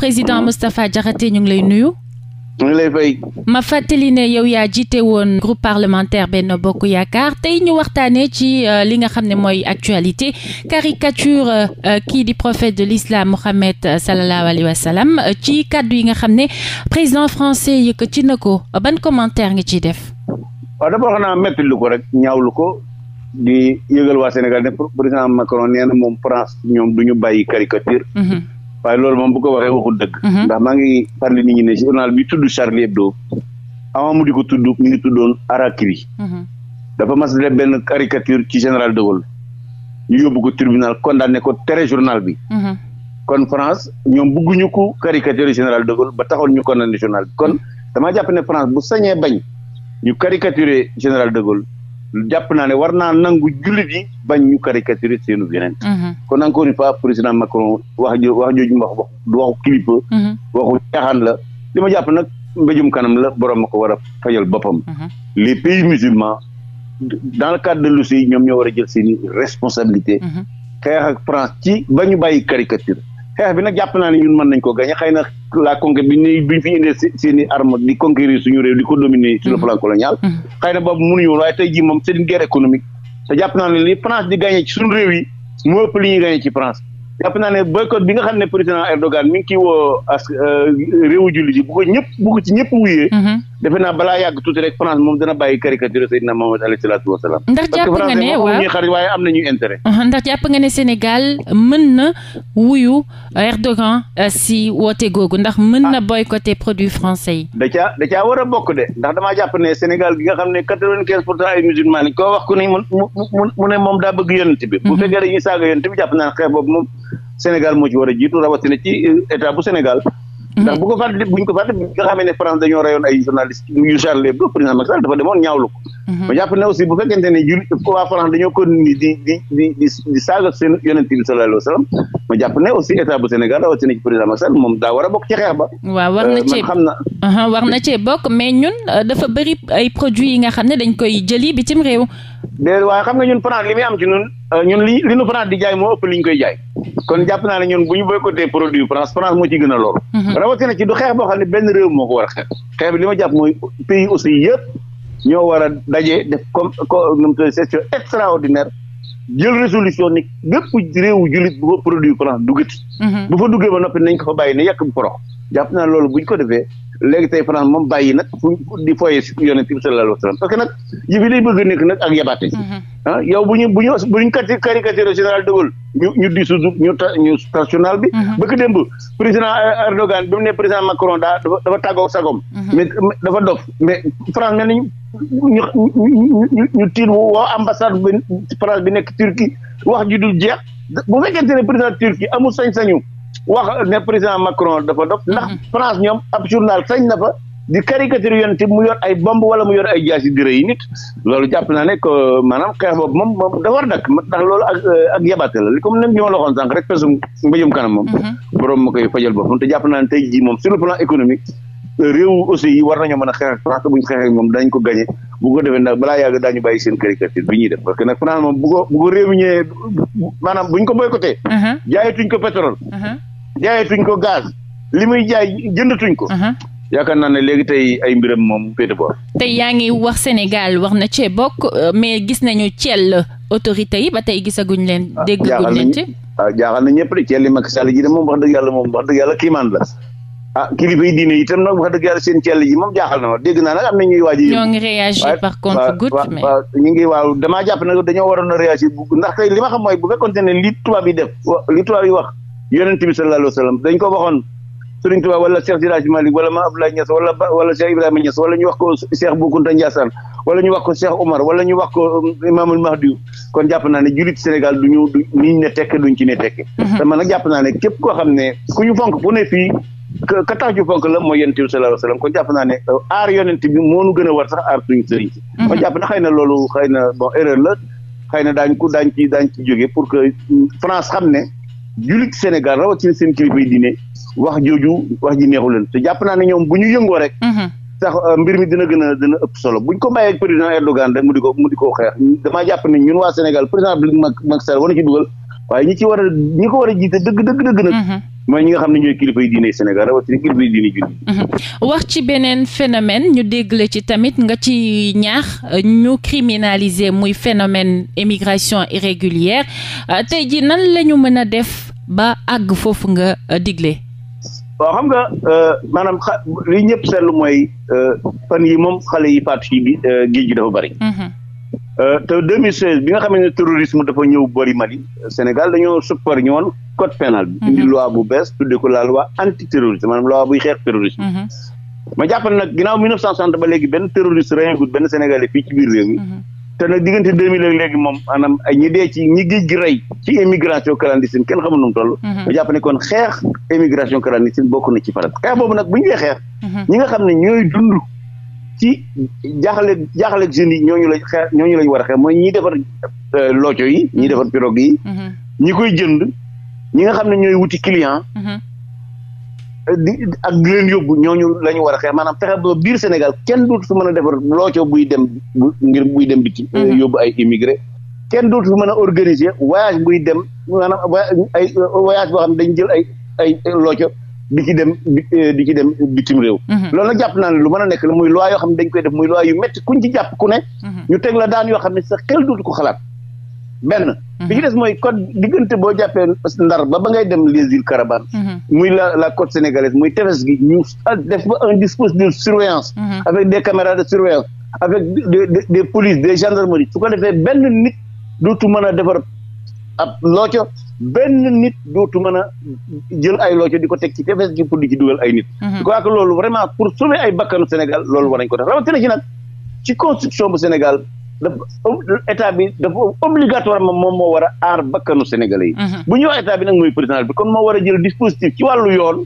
président Moustapha Diakhaté ñu ngi lay nuyu. ma fàttali ne yow yaa jiite woon groupe parlementaire Benno Bokk Yaakaar tey ñu waxtaanee ci euh, li nga xam ne mooy actualité caricature euh, kii di prophète de l'islam Mohammed euh, sallallahu alayhi ci kàddu yi nga xam ne président français yëkkati na ko ban commentaire ngi ciy def. waaw d'abord xanaa metti lu ko rek ñaawlu ko di yëgal waa Sénégal ne président Macron nee moom France ñoom du ñu bàyyi caricature. Mhm. waaye loolu moom bu ko waxee waxul dëkk mhm. ndax maa ngi parli nit ñi ne journal bi tudd Charlie Hebdo avant mu di ko tudd mi ngi tuddoon Harakiri. Mhm. dafa mas def benn caricature ci général de Gaulle ñu yóbbu ko tribunal condamné ko tere journal bi. Mhm. kon France ñoom bëgguñu ko caricature général de Gaulle ba taxoon ñu condamné journal bi kon damaa jàpp ne France bu sañee bañ ñu caricaturer général de Gaulle. jàpp naa ne war naa nangu jullit yi bañ ñu caricaturer seenu yeneen mhm. kon encore une fois président Macron wax jo wax jooju wax wax du waxu kilifa mhm. waxu caaxaan la li ma jàpp nag mbéjum kanam la borom ma ko war a fajal boppam mhm. les pays musulmans dans le cadre de l'OCI ñoom ñoo war a jël seeni responsabilité xeex ak France ci ba ñu bàyyi caricature xeex bi nag jàpp naa ne ñun mën nañ ko gagné xëy na la conquête bi ñu bi ñu fi indee seen i di conquérir suñu réew di ko dominer sur le mm-hmm. plan colonial mm-hmm. xëy na boobu mënuñu woon waaye tey jii moom c'est une guerre économique te jàpp naa ne li France di gagné ci suñu réew yi moo ëpp li ñuy gagné ci France jàpp naa ne boycott bi nga xam ne président Erdogan mi ngi ciy woo as euh, réewu jullit yi bu ko wuyee mm-hmm. defe naa balaa yàgg tuuti rek France moom dana bàyyi caricature Seydina Mohamed alayhi salaatu wa salaam. ndax jàpp nga ne waaw parce que ñuy xarit ndax jàpp nga ne Sénégal mën na wuyu Erdogan euh, si woote googu ndax mën na ah. boycotter produits français yi. da caa da caa war a bokk de ndax dama jàpp ne Sénégal gi nga xam ne quatre-vingt-quinze pour cent ay musulmans lañ koo wax ku ne mu ne moom daa bëgg yonent bi. bu mhm. fekkee dañuy saaga yonent bi jàpp naa ne xeex boobu moom Sénégal moo ci war a jiitu ci euh, état bu Sénégal. ndax bu ko fàtte buñ ko fàtte nga xamee ne France dañoo reyoon ay journalistes yu Charlie Hebdo président Macky Sall dafa demoon ñaawlu ko jàpp ne aussi état bu Sénégal rawati na ci moom daa war a bokk ci xeex ba waaw war euh, na cee xam na war na cee bokk mais ñun euh, dafa bëri ay produit yi nga xam ne dañ koy jëli bitim réew déedéet waaye xam nga ñun France li muy am ci ñun euh, ñun li li ñu France di jaay moo ëpp li ñu koy jaay kon jàpp naa ne ñun bu ñu boycotter produit France France moo ci gën a loolu mhm. rawatina ci du xeex boo xam ne benn réew moo ko war a xeex xeex bi li ma jàpp mooy pays aussi yëpp ñoo war a daje def comme comme session extraordinaire jël résolution ni bépp réewu jullit bu fa produit France duggati mhm. bu fa duggee ba noppi nañ ko fa bàyyi ne yàq bu porox jàpp loolu bu ñu ko defee léegi tey France moom bàyyi nag fu di foyee si yonent bi sallallahu alayhi wa sallam parce que nag yëf yi lay bëgg nekk nag ak yabaate mhm. ah, yow bu ñu bu ñu bu ñu caricature général de Gaulle ñu ñu disu ñu ñu national bi mhm. bëgg démb président euh, Erdogan bi mu ne président Macron daa dafa dafa tàggoo sagom mhm. dafa dof mais France mel nañu ñu ñu ñu tiir woo ambassade bi France bi nekk Turquie wax ji du jeex bu fekkente ne président Turquie amul sañ-sañu wax ne président Macron dafa dof ndax mhm. France ñoom ab journal sañ na fa di caricature yonte mu yor ay bomb wala mu yor ay jaasi di rey nit loolu jàpp naa ne que maanaam xeex boobu moom moom dafa war dakk euh, ma la waxoon sànq rek pesum mbéjum kanam moom mhm. borom ma koy te jàpp naa ne tey jii moom sur le plan économique réew aussi yi a xeex ak France bu ñu xeexee moom dañ ko gagné bu ko defee ndax balaa yàgg daañu bàyyi seen caricature bi ñuy def parce que nag France moom bu ko bu ko réew mi maanaam bu ko boycotté mhm. jaayatuñ ko pétrole jaayatuñ ko gaz li muy jaay jëndatuñ ko. Mhm. yaakaar naa ne léegi tey ay mbiram moom féete boor. tey yaa ngi wax Sénégal wax na cee bokk euh, mais gis nañu Thiel autorité yi ba tey gisaguñ leen. Ah, déggaguñ leen ci waaw ah, jaaxal na ñëpp de Thiel li Macky Sall ji de moom wax yàlla moom wax dëgg yàlla kiimaan la. ah kilifa yi seen Thiel ji moom jaaxal na ma dégg naa nag am na ñuy waaj ñoo ngi réagir par contre goutte mais ñu ngi waaw damaa jàpp nag dañoo waroon a réagir bu ndax tey li ma xam mooy bu fekkoon ne li tubaab yi def li tubaab yi wax yonent bi sallallahu alayhi wa dañ ko waxoon Sëriñ wala Cheikh Siraj Malik wala ma Abdoulaye Niass wala wala Cheikh Ibrahima Niass wala ñu wax ko Cheikh Boukounta Ndiassane wala ñu wax ko Cheikh Omar wala ñu wax ko um, Imaamul Mahdi kon jàpp naa ne jullit Sénégal du ñu du niñ ne tekk duñ ci ne tekk mhm. te man jàpp naa ne képp koo xam ne ku ñu fonk fu ne fii ka tax ju fonk la mooy yonent bi sallallahu alayhi kon jàpp naa ne uh, aar yonent bi moo nu gën a war sax aar mhm. na xëy na loolu xëy na bon la xëy na daañ ko daañ ci daañ ci jóge pour que mm, France xam ne jullit Sénégal rawatina seen kilifa yi wax jooju wax ji neexu leen te jàpp naa ne ñoom bu ñu yëngoo rek. Mhm. sax euh, mbir mi dina gën a dina ëpp solo buñ ko bay ak président Erdogan rek mu di ko di ko xeex damaa jàpp ne ñun waa Sénégal président a Sall war na ci dugal waaye ñi ci war a ko war a jiite dëgg dëgg dëgg nag. Mhm. mooy ñi nga xam ne ñooy kilifa yi diine Sénégal rawatina mhm. wax ci beneen phénomène ñu dégle ci tamit nga ci ñaax euh, ñu criminaliser muy phénomène émigration irrégulière euh, tey ji nan la ñu mën a def ba àgg foofu nga euh, digle. waaw xam nga maanaam xa li ñëpp seetlu mooy fan yi moom xale yi faatu ci géej gi dafa bari. Mhm. Euh, te 2016 bi nga xam ne terrorisme dafa ñëw bori Mali Sénégal dañoo suppar ñoon code pénal bi indi mhm. loi bu bees tudde ko la loi anti terroriste maanaam loi buy xeex terrorisme mhm. ma jàpp nag ginnaaw 1960 ba léegi benn terroriste reyagut benn sénégalais fii ci biir réew mi mhm. te nag diggante 2000 léegi moom maanaam ay ñi dee ci ñi géej gi rey ci émigration clandestine kenn xamul nu mu ma jàpp ne xeex émigration clandestine ci jaxle jaxle jeunes yi ñooñu lañ xeex ñooñu lañ war a xeex mooy ñiy defar euh, looco yi ñiy mm-hmm. defar pirogue yi. Mm-hmm. ñi koy jënd ñi nga xam ne ñooy wuti client. Mm-hmm. Euh, di ak di leen yóbbu ñooñu la ñu war a xeex maanaam fexe ba biir Sénégal kenn du fi mën a defar looco buy dem ngir buy dem biti. Euh, yóbbu ay immigré kenn dootu fi mën a organiser voyage buy dem maanaam ay voyage boo xam ne dañ jël ay ay looco. di ci dem eh, di ci dem bitim réew. Mhm. loolu nag jàpp naa ne lu mën a nekk la muy loi yoo xam dañ koy def muy loi yu métti kuñ ci jàpp ku ne. Mhm. ñu teg la daan yoo xam ne sa xel dootu ko xalaat. benn. Mhm. bi des mooy code diggante boo jàppee ndar ba ba ngay dem les îles Caravanes. muy la la côte sénégalaise muy tefes gi ñu def un dispositif de surveillance. avec des caméras de surveillance. avec des des des polices su ko defee benn nit dootu mën a defar ab looco benn nit dootu mën a jël ay looco di ko teg ci tefes gi pour di ci dugal ay nit. Mhm. je crois que loolu vraiment pour sauver ay bakkanu Sénégal loolu war nañ ko def rawatina ci nag ci constitution bu Sénégal dafa état bi dafa obligatoirement moom moo war a aar bakkanu Sénégalais yi. Mhm. bu ñu wax état bi nag mooy président bi kon moo war a jël dispositif ci wàllu yoon.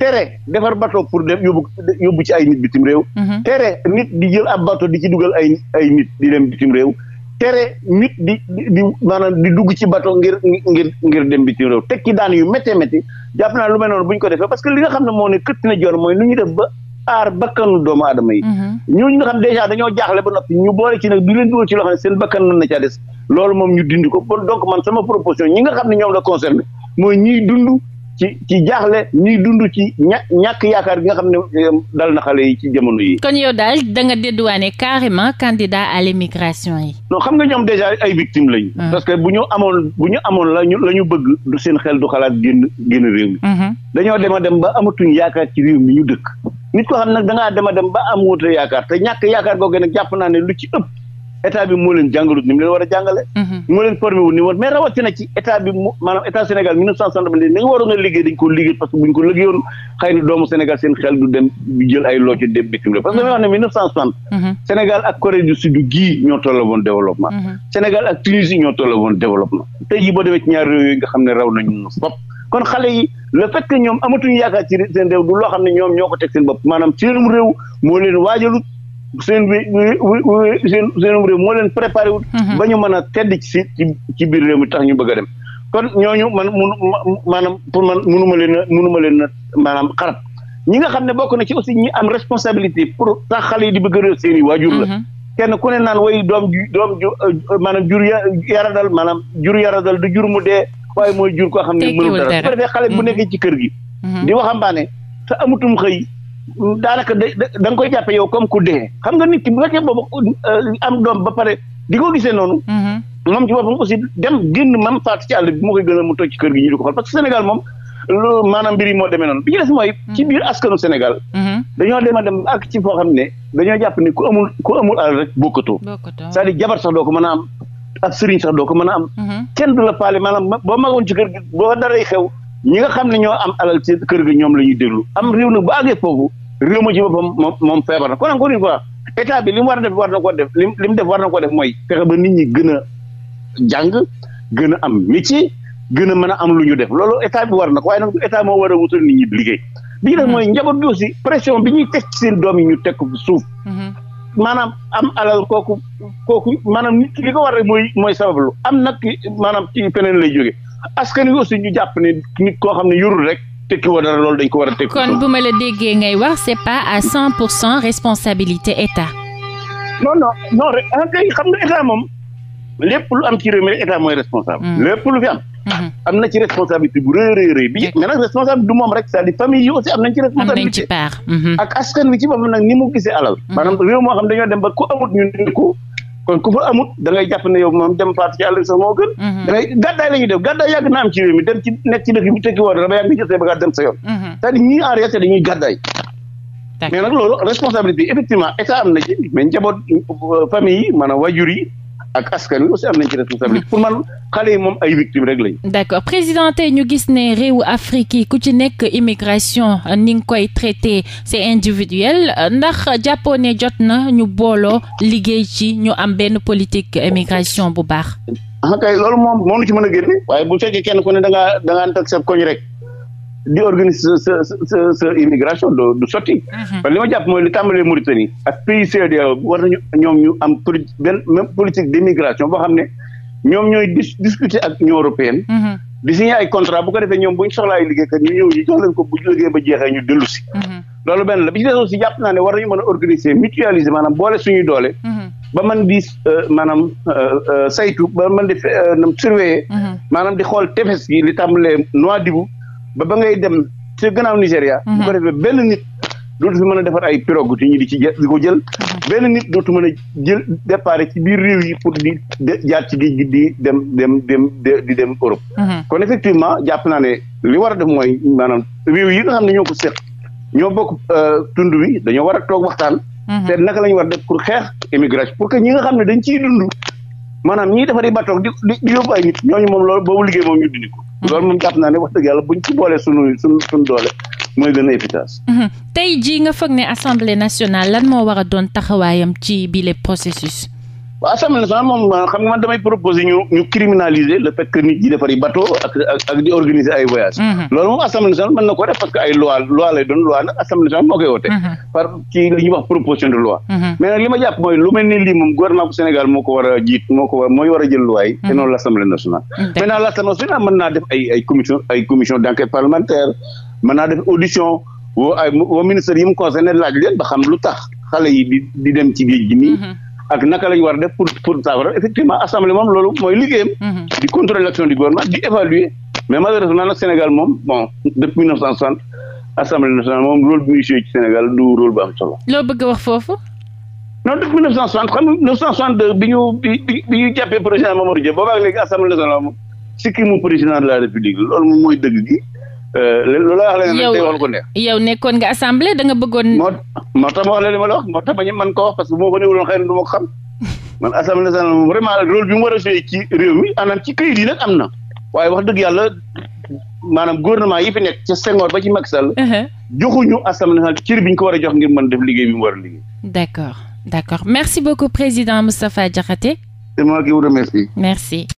tere defar bato pour dem yóbbu yóbbu ci ay nit bitim réew. Mhm. tere nit di jël a bato di ci dugal ay ay nit di dem bitim réew. tere nit di di maanaam di dugg ci bato ngir ngir ngir dem bitim réew tekki daan yu méttee métti jàpp naa lu mel noonu bu ñu ko defee parce que li nga xam ne moo ne këtt na joon mooy nu ñu def ba aar bakkanu doomu aadama yi mm-hmm. ñooñu nga xam dèjà dañoo jaaxle ba noppi ñu boole ci nag di leen dugal ci loo xam ne seen bakkan mën na caa des loolu moom ñu dindi ko bon donc man sama proposition ñi nga xam ne ñoom la concerné mooy ñiy dund ci ci jaaxle ñuy dund ci ña ñàkk yaakaar gi nga xam ne euh, dal na xale yi ci jamono yi. kon yow daal da nga dédouané carrément candidat à l'immigration yi. non xam nga ñoom déjà ay victimes lañu. parce que bu ñu amoon bu ñu amoon la ñu la ñu bëgg du seen xel du xalaat génn génn réew mi. dañoo dem dem ba amatuñ yaakaar ci réew mi ñu dëkk. nit ko xam nag da ngaa dem dem ba amuwut yaakaar te ñàkk yaakaar googu nag jàpp naa ne lu ci ëpp. état bi moo leen jàngalut ni mu jàngale mhm. moo leen formé wul mais rawatina ci état bi maanaam état Sénégal mille waroon a liggéey dañ ko liggéey parce que bu wax ne mille neuf cent soixante mhm. ak Corée du Sud gii ñoo tolla woon développement mhm. Sénégal ak Tunisie ñoo tolla woon développement tey jii boo demee ñaar réew yooyu nga xam ne raw nañu fop kon xale yi le fait que ñoom amatuñu yaakaar seen réew du loo xam ne ñoom ñoo ko teg seen bopp maanaam seen réew moo leen seen bi seen seenum réew moo leen préparé wul mhm. ba ñu mën a tedd ci ci biir réew mi tax ñu bëgg a dem kon ñooñu man munu maanaam pour man munuma leen a leen a maanaam xarab ñi nga xam ne bokk na ci aussi ñi am responsabilité pour tax xale yi di bëgg a réew seen i la mhm. kenn ku ne naan way doom ju doom ju euh, euh, maanaam jur dal maanaam jur dal di jur mu dee waaye mooy jur koo xam ne mënul dara su ko defee xale bu mhm. nekkee ci kër gi di waxambaane te amutum xëy daanaka da da nga koy jàpp yow comme ku dee xam nga nit ki bu fekkee boobu euh, am doom ba pare di ko gisee noonu. Mm-hmm. moom ci boppam aussi dem génn mam faatu ci àll bi moo koy gënal mu toog ci kër gi ñu di ko xool parce Sénégal moom lu maanaam mbir moo demee noonu bi ñu des mooy. ci mm-hmm. biir askanu Sénégal. Mm-hmm. dañoo dem a dem ak ci foo xam ne dañoo jàpp ni ku amul ku amul alal rek bokkatoo. bokkatoo c'est-à-dire jabar sax doo ko mën a am ak sëriñ sax doo ko mën a am. kenn du la faale maanaam boo magoon ci kër gi boo xew. ñi nga xam ne ñoo am alal kër gi ñoom la ñuy déglu am réew nag bu àggee foofu réew ma ci moom moom feebar na kon encore une fois bi li mu a def war na ko def li li mu def war na ko def mooy fexe ba nit ñi gën a jàng gën a am métier gën a mën a am lu ñu def loolu état bi war na ko waaye nag état moo war a wutal nit liggéey bi ñu mooy njaboot bi aussi pression bi ñuy teg ci seen doom yi ñu teg ko suuf mm-hmm. maanaam am alal kooku kooku maanaam nit ki li ko war rek mooy mooy sabablu am nag maanaam ci feneen lay jógee askan wi aussi ñu jàpp ne nit koo xam ne yorul rek tekki woo dara loolu dañ ko war a tekki. kon bu ma la déggee ngay wax c'est pas à cent pour cent responsabilité état. non non non rek ah, moom lépp lu am mm. mm-hmm. na ci responsabilité am nañ mm-hmm. ak askan wi ci boppam nag ni mu gisee alal. Mm-hmm. maanaam réew moo xam dañoo dem ba ku amut ñu ne ko kon ku fa amut da ngay jàpp ne yow moom dem faatu ci àll bi sax moo gën. Mhm. gàddaay la def gàddaay yàgg na am ci réew mi dem ci nekk ci dëkk bi tekki woon dama yàgg di jotee ba nga dem sa yoon. Mhm. c'est-à-dire ñii en réalité dañuy gàddaay. mais nag loolu responsabilité effectivement état am na ci mais njaboot euh, famille yi maanaam wajur yi ak askan wi aussi am nañ ci responsabilité pour man xale yi moom ay victimes rek lañu. d'accord président tey ñu gis ne réew Afrique yi ku ci nekk immigration ni nga koy traité c'est individuel ndax jàppoo ne jot na ñu booloo liggéey ci ñu am benn politique immigration bu baax. ah kay loolu moom moo ñu ci mën a génne. waaye bu fekkee kenn ko ne da ngaa da ngaa teg sa rek. di organiser sa sa sa sa immigration du sotti. parce mhm. li ma jàpp mooy li tàmbalee Mauritanie ak pays CEDEAO war nañu ñoom ñu am poli benn même politique d' immigration boo xam ne ñoom ñooy dis discuter ak Union européenne. Mhm. di signé ay contrat bu ko defee ñoom bu ñu soxlaa ay liggéeykat ñëw ñu jox leen ko bu ñu liggéey ba si. Mhm. loolu benn la bi ci des aussi jàpp naa ne war nañu mën a organiser mutualiser maanaam boole suñuy doole. ba man di euh, maanaam euh, euh, saytu ba man di surveiller. maanaam di xool tefes gi li tàmbalee Nouadhibou ba ba ngay dem ci gannaaw Nigéria. Mhm. benn nit dootu fi mën a defar ay pirogue te ñu di ci di ko jël. Mhm. benn nit dootu mën a jël départ ci biir réew yi pour di jaar ci géej gi di dem dem dem di dem Europe. Mhm. kon effectivement jàpp naa ne li war a def mooy maanaam réew yi nga xam ne ñoo ko seq ñoo bokk euh, tund wi dañoo war a toog waxtaan. te naka la ñu war a def pour xeex immigration pour que ñi nga xam ne dañ ciy dund. maanaam ñiy defari batoog di di yóbbu ay nit ñooñu moom loolu boobu liggéey moom ñu dindi mhm. loolu moom jàpp naa ne wax dëgg yàlla buñ ci boolee sunu sunu sunu doole mooy gën a efficace. Mhm. tey jii nga foog ne assemblée nationale lan moo war a doon taxawaayam ci bile processus. ba assemblée nationale moom xam nga man damay proposer ñu criminaliser le fait nit ñi defari bateau ak ak di organiser ay voyage mm-hmm. loolu moom assemblée nationale mën na ko que ay loi loi lay doon loi nag assemblée nationale koy wote mm-hmm. par ci li ñuy wax proposition de loi mm-hmm. mais li ma jàpp mooy lu mel ni lii moom gouvernement bu Sénégal a jiit moo ko war mooy war a jël loi yi te noonu l' assemblée nationale maintenant l' assemblée nationale mën naa def ay commission ay commission parlementaire mën naa def audition woo ay woo ministère laaj leen ak naka la ñu war a def pour pour saafara effectivement assemblée moom loolu mooy liggéeyam. Mm-hmm. di contrôler l'action du gouvernement di évaluer mais malheureusement Sénégal moom bon depuis 1960 assemblée nationale moom rôle bi muy joué ci Sénégal du rôle bu am solo. loo bëgg a wax foofu. non depuis 1960 xam nga 1962 bi ñu bi ñu jàppee président Mamadou Dia boobaag léegi assemblée nationale moom sikki mu président de la république loolu moom mooy gi. loolu euh, la wax leneen day wax lu ko yow nekkoon nga assemblée da nga bëggoon. moo tax ma wax la li ma la wax moo tax ma ñu mën koo wax parce que bu ma ko néewuloon xëy na du ma xam man assemblée nationale vraiment rôle bi a joué ci mi anam ci këyit yi nag am na waaye dëgg yàlla maanaam gouvernement yi fi nekk ca Senghor ba ci Macky Sall. Uh-huh. joxuñu assemblée nationale cër bi ñu ko war a jox ngir mën def liggéey bi mu war a liggéey. d'accord d'accord merci beaucoup président Moustapha Diakhaté. c'est moi qui vous remercie. merci.